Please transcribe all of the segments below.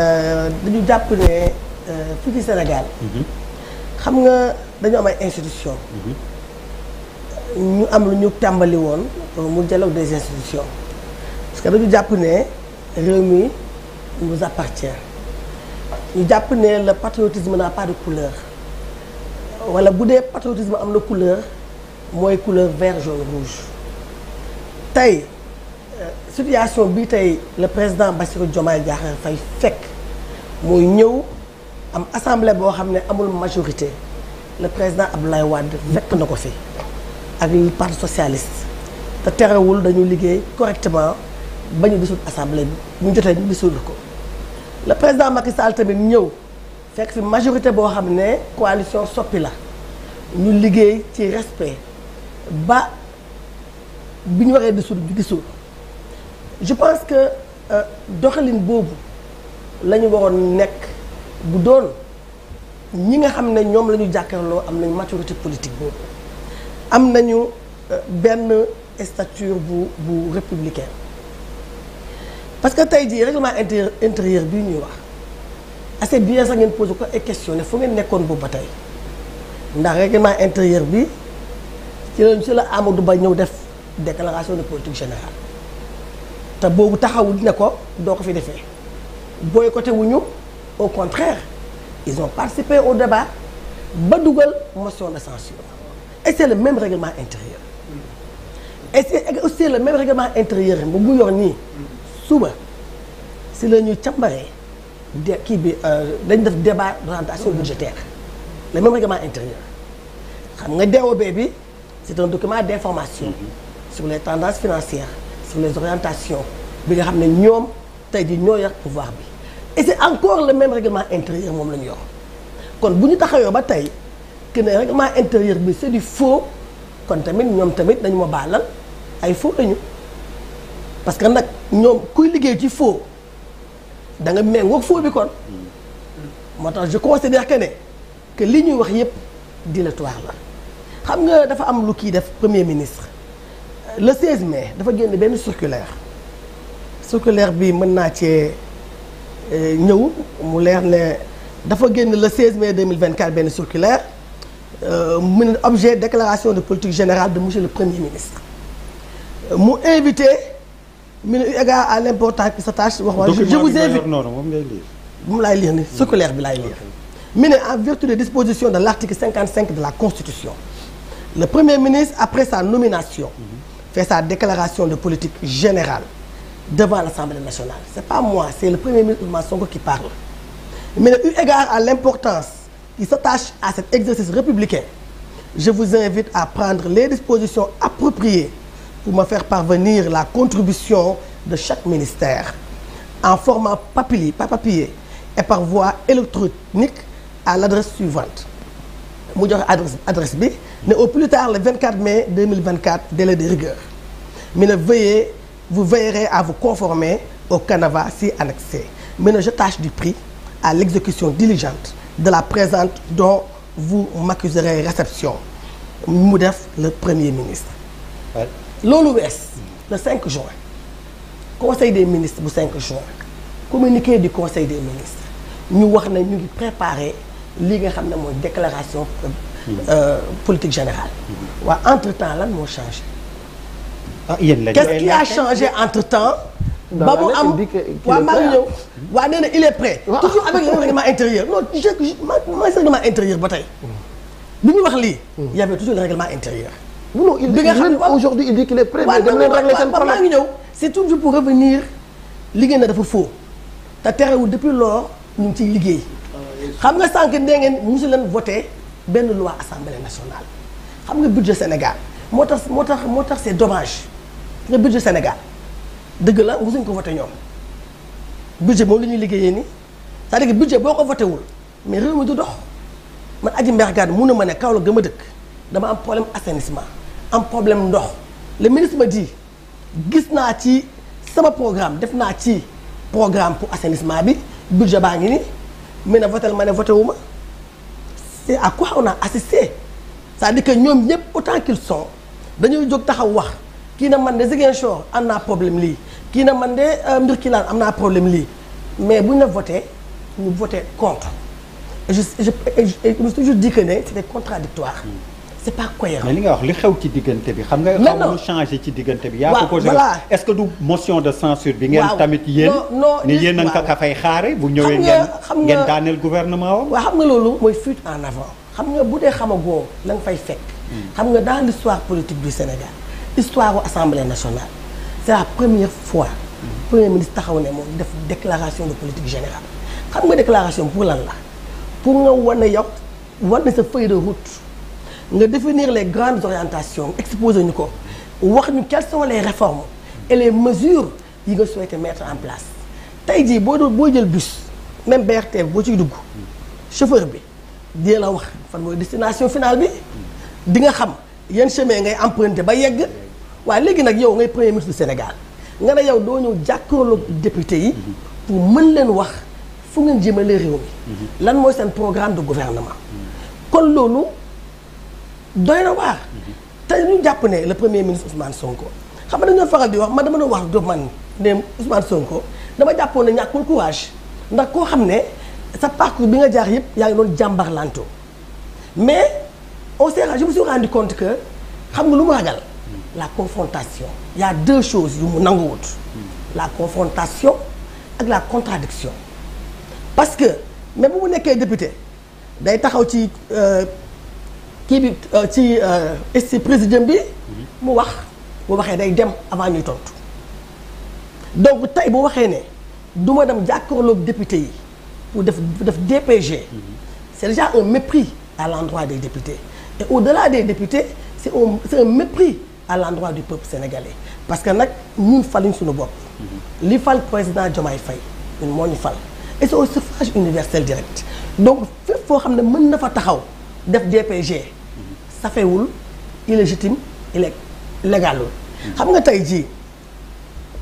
Euh, dañu jàpp ne euh, fii ci Sénégal. Mhm. xam nga dañu am ay institutions. ñu am lu ñu tàmbali woon mu dialogue des institutions parce que dañu jàpp ne réew mi nous ñu jàpp ne le patriotisme n'a pas de couleur wala bu dee patriotisme am na couleur mooy couleur vert jaune rouge situation bi tey le président Bassirou Diomaye Diakhar Faye fekk mooy ñëw am assemblée boo xam ne amul majorité le président Abdoulaye Wade fekk na ko fi ak parti socialiste te terewul dañu liggéey correctement ba ñu gisul assemblée bi ñu jotee ñu gisul ko le président Macky Sall tamit ñëw fekk fi majorité boo xam ne coalition soppi la ñu liggéey ci respect ba bi ñu waree gisul gisul. je pense que euh, doxalin boobu la ñu waroon nekk bu doon ñi nga xam ne ñoom la ñu jàkkaarloo am nañu maturité politique boobu am nañu euh, benn stature bu bu républicaine parce que tey jii règlement inter intérieur bi ñuy wax assez bien sax ngeen posé ko ay question ne fu ngeen nekkoon boobu ba tey ndax règlement intérieur bi ci la ci la Amadou Ba ñëw def déclaration de politique générale. te boobu taxawul ne ko doo ko fi defee booy côté wu ñu au contraire ils ont participé au débat ba dugal motion de censure et c'est le même règlement intérieur et c'est aussi le même règlement intérieur bu mu yor nii suba si la ñuy càmbaree de kii bi euh, dañ def débat d'orientation budgétaire le même règlement intérieur xam nga DOB bi c'est un document d'information sur les tendances financières sur les orientations bi nga xam ne ñoom tey di ñoo yor pouvoir bi et c'est encore le même règlement intérieur moom la ñu yor kon bu ñu taxawee ba tey que ne règlement intérieur bi c'est du faux kon tamit ñoom tamit dañu ma baalal ay faux lañu parce que nag ñoom kuy liggéey ci faux da nga méngóog faux bi kon moo tax je considère que ne que li ñuy wax yépp dilatoire la xam nga dafa am lu kii def premier ministre. le 16 mai dafa génn benn circulaire circulaire bi mën naa cee euh, ñëw mu leer ne dafa génn le 16 mai 2024 benn circulaire euh, mu ne objet déclaration de politique générale de monsieur le premier ministre mu invité mu ne eu égard à l'importance sa tâche wax waa je vous invite moom laay lire ni circulaire bi laay lire mu ne en vertu des dispositions de l'article 55 de la constitution le premier ministre après sa nomination mm-hmm. fait sa déclaration de politique générale devant l'Assemblée nationale c'est pas moi c'est le premier ministre Ousmane Sonko qui parle mais eu égard à l'importance qui s'attache à cet exercice républicain je vous invite à prendre les dispositions appropriées pour me faire parvenir la contribution de chaque ministère en format papier, pas papier et par voie électronique à l'adresse suivante mu jox adresse adresse bi mais au plus tard le 24 mai 2024 délai de rigueur mi ne veuillez vous veillerez à vous conformer au canevas ci annexé mi ne j'attache du prix à l'exécution diligente de la présente dont vous m'accuserez réception mu def le premier ministre loolu wees le 5 juin conseil des ministres bu 5 juin communiqué du conseil des ministres ñu wax na ñu ngi préparer lii nga xam ne mooy déclaration hmm. euh, politique générale hmm. waa entre temps lan moo changé ah, yéen la qu'est-ce qui a changé entre temps ba moo am waaw maa ngi ñëw waaw nee na il est prêt toujours avec le règlement intérieur non je ma règlement intérieur ba tey bi hmm. ñu wax lii y avait toujours le règlement intérieur non il dit aujourd'hui il dit qu'il est prêt mais dem leen régler seen problème maa ngi ñëw c'est toujours pour revenir liggéey na dafa faux te terewul depuis lors ñu ngi ciy liggéey xam nga sànq nee ngeen mosu leen voté benn loi assemblée nationale xam nga budget Sénégal moo tax moo tax moo tax see domage nga budget Sénégal dëgg la mosuñ ko voté ñoom budget moom la ñuy liggéeyee ni c'est-à-dire budget boo ko voté wul mais réew mi du dox man aji mbergaan mun na ma ne Kaolack gëm a dëkk dama am problème assainissement am problème ndox le ministre ma di gis naa ci sama programme def naa ci programme pour assainissement bi budget baa ngi mu ne votel ma ne voté wu ma c'est à quoi on a assisté cest à que ñoom ñëpp autant qu'ils sont dañuy jog taxaw wax kii na man de Ziguinchor am naa problème lii kii na man de euh, Mbirkilaan am naa problème lii mais bu ñu la voté ñu voté contre et je je je me suis toujours dit que c'était contradictoire c'est pas cohérent. mais li nga wax li xew ci diggante bi xam nga. xaw ci diggante bi. yaa ko est-ce que du motion de censure bi. ngeen tamit yéen. ni yéen a ka fay gouvernement xam nga loolu mooy fuite en avant xam nga bu dee xamagoo la fay fekk. Hmm. xam nga dans l'histoire politique du Sénégal histoire assemblée nationale c'est la première fois. Hmm. taxaw ne moom def déclaration de politique générale xam nga déclaration pour lan la pour nga wane yow wane sa feuille de nga définir les grandes orientations exposer ñu ko wax ñu quelles sont les réformes et les mesures yi nga souhaité mettre en place tey jii boo doon boo jël bus même BRT boo ciy dugg chauffeur bi dina la wax fan mooy destination finale bi di nga xam yan chemin ngay emprunté ba yegg waaye léegi nag yow ngay premier ministre du Sénégal nga ne yow doo ñëw jàkkaarloog député yi pour mën leen wax fu nga jëmale réew mi mhm. lan mooy seen programme de gouvernement kon loolu doy na waar te ñu jàpp ne le premier ministre Ousmane Sonko xam nga dañoo faral di wax man dama doon wax do man ne Ousmane Sonko dama jàppoon na ñàkkul courage ndax koo xam ne sa parcours bi nga jaar yëpp yaa ngi doon jàmbar mais on s'est je me suis rendu que xam nga lu mu ragal la confrontation il y a deux choses yu mu nanguwut la confrontation ak la contradiction parce que même bu mu nekkee député day taxaw ci euh, kii bi euh, ci euh, si président bi mu wax bu waxee day dem avant ñuy tontu donc tey bu waxee ne du ma dem jàkkaarloog député yi pour def def DPG mhm. c'est déjà un mépris à l'endroit des députés et au-delà des députés c'est un c'est un mépris à l'endroit du peuple sénégalais parce que nag ñun faluñ suñu bopp mhm. li fal président Diomaye fay ñun moo ñu fal et c'est au suffrage universel direct donc fépp foo xam ne mën na fa taxaw def DPG safewul illégitime illégalul xam nga tey jii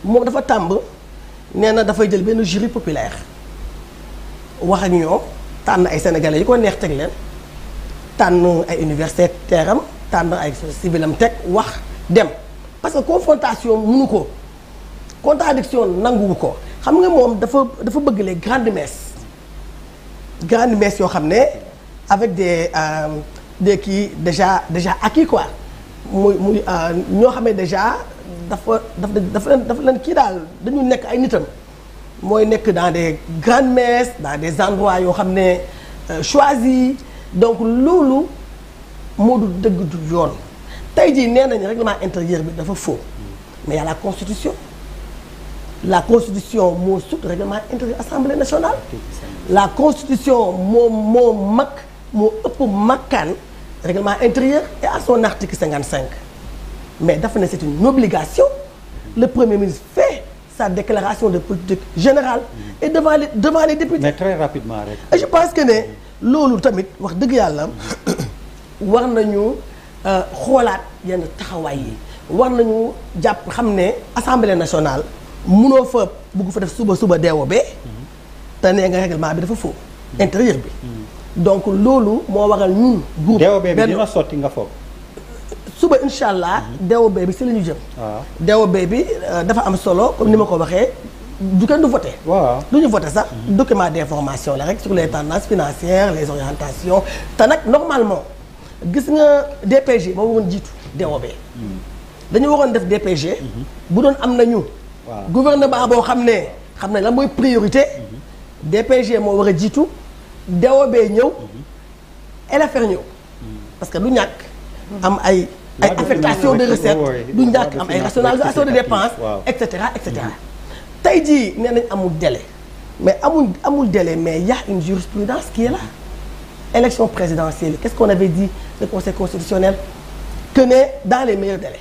moom dafa tàmb nee na dafay jël benn jury populaire wax ak ñoom tànn ay sénégalais yi ko neex teg leen tànn ay universitaire am tànn ay civilam teg wax dem parce que confrontation mënu ko contradiction nanguwu ko xam nga moom dafa dafa bëgg les grandes messes grandes messes yoo xam ne avec des euh, des kii déjà déjà acquis quoi muy muy euh, ñoo xam ne déjà dafa dafa dafa dafa leen kii daal dañu nekk ay nitam mooy nekk dans des grandes messes dans des endroits yoo xam ne euh, choisis donc loolu moo du dëgg du yoon tey jii nee nañ règlement intérieur bi dafa faux mais y a la constitution la constitution moo sut règlement intérieur assemblée nationale la constitution moo mag moo ëpp makkaan règlement intérieur et à son article cinq mais dafa ne c'est une obligation le premier ministre fait sa déclaration de politique générale et devant les devant les députés je pense que ne loolu tamit wax dëgg yàlla war ñu euh, xoolaat yenn taxawaay yi war nañu jàpp xam ne assemblée nationale munoo fa bugg fa def suba suba dee bee mm-hmm. te nee nga règlement bi dafa faux mm-hmm. intérieur bi mm-hmm. donc loolu moo waral ñun. buub DOB bi dina sotti nga foog. suba incha allah. Mhm. DOB bi si la ñu jëm. waaw ah. DOB bi euh, dafa am solo comme ni ma ko waxee. du kenn du voté. waaw du ñu voté sax. Mhm. document d'information la rek sur les tendances financières les orientations te nag normalement gis nga DPG moo waroon jiitu DOB. Mhm. dañu waroon def DPG. bu doon am nañu. waaw gouvernement boo xam ne xam ne lan mooy priorité. DPG moo war a jiitu. dewobee ñëw mhm. LFR ñëw mhm. parce que du ñàkk am ay ay affectation de recettes du ñàkk am ay rationalisation de dépenses et cetera et cetera mhm. tey jii nee nañ amul délai mais amul amul délai mais y une jurisprudence qui est là élection présidentielle qu'est-ce qu'on avait dit le conseil constitutionnel tenait dans les meilleurs délais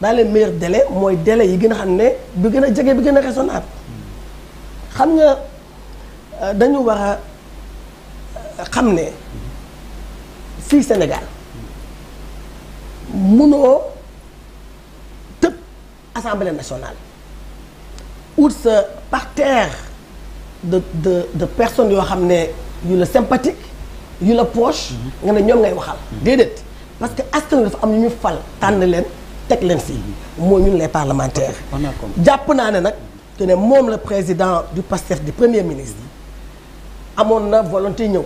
dans les meilleurs délais mooy délai yi gën a xam ne bi gën a jege bi gën a raisonnable xam nga euh, dañu war xam ne fii Sénégal munoo tëb assemblée nationale ut sa parterre de de de personnes yoo xam ne yu la sympathique yu la poche. nga ne ñoom ngay waxal. déedéet parce que askan dafa am ñu ñu fal tànn leen teg leen si mooy ñun les parlementaires. jàpp naa ne nag que ne moom la président du PASTEF di premier ministre. amoon na volonté ñëw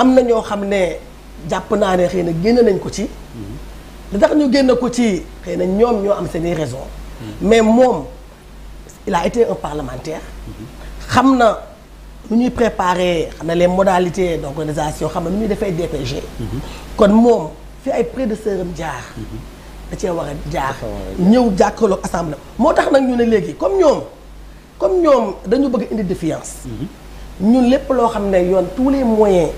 am na ñoo xam ne jàpp naa ne xëy na génn nañ ko ci li tax ñu génn ko ci xëy na ñoom ñoo am seeni raison mais moom il a été un parlementaire xam na lu ñuy préparer xam na les modalités d'organisation xam na lu ñuy defee DPG kon moom fi ay prédécesseur am jaar da cee war a jaar ñëw jàkkaarloog assemblée moo tax nag ñu ne léegi comme ñoom comme ñoom dañu bëgg indi défiance mhm. ñu lépp loo xam ne yoon tous les moyens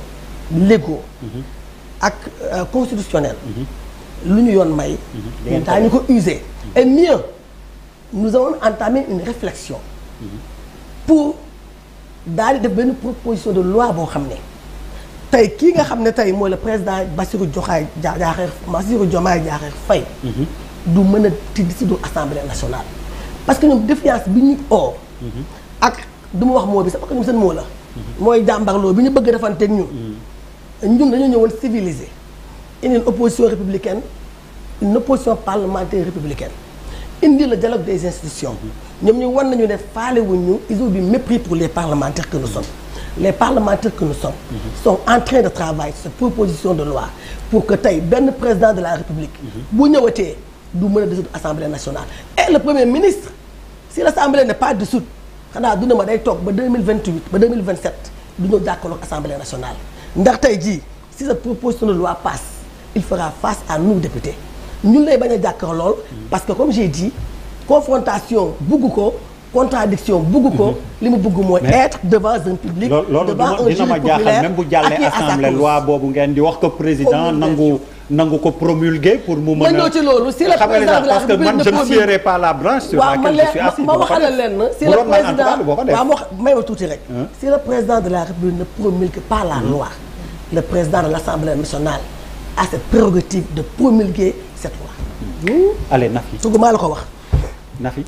légaux mm-hmm. ak euh, constitutionnels mm-hmm. lu ñu yoon may mais mm-hmm. ñu ko user et mieux nous avons entamé une réflexion pour daal di def benn proposition de loi boo xam ne tey kii nga xam ne tey mooy la président Bassirou Diomaye Diakhar Bassirou Diomaye Diakhar Faye du mën a tiddi si du assemblée nationale parce que ñoom défiance bi ñu oo ak du wax moo bi sax wax ñoom seen moo la. mooy jàmbarloo bi ñu bëgg ñu ñun. ñun dañoo ñëwoon civilisé. indi une opposition républicaine une opposition parlementaire républicaine indi la dialogue des institutions. ñoom ñu wan nañu ne faale wuñu ils ont du mépris pour les parlementaires que nous sommes. les parlementaires que nous sommes. sont en de travailler sur proposition de loi pour que tey benn président de la république. bu ñëwatee du mën a dissoudre assemblée nationale. et le premier ministre si l' assemblée n' xanaa duna ma day toog ba 2028 ba 2027 du ñu jàkkaarloog assemblée nationale ndax tey jii si cette proposition de loi passe il fera face à nous députés ñun lay bañ a jàkkaarlool parce que comme j'ai dit confrontation bugg ko contradiction bugg ko mhm. li mu bugg mooy être devant un public devant un jury populaire ma jaaxal même bu jàllee assemblée loi boobu ngeen di wax ko président nangu nangu ko promulguer pour mu mën a. ma ñëw ci loolu si la président de la république ne serai pas la branche ma wax la lenn si la président waaw ma wax de la république ne promulgue pas la loi. le président de l' assemblée nationale a cette prérogative de promulguer cette loi. maa la ko wax Nafi.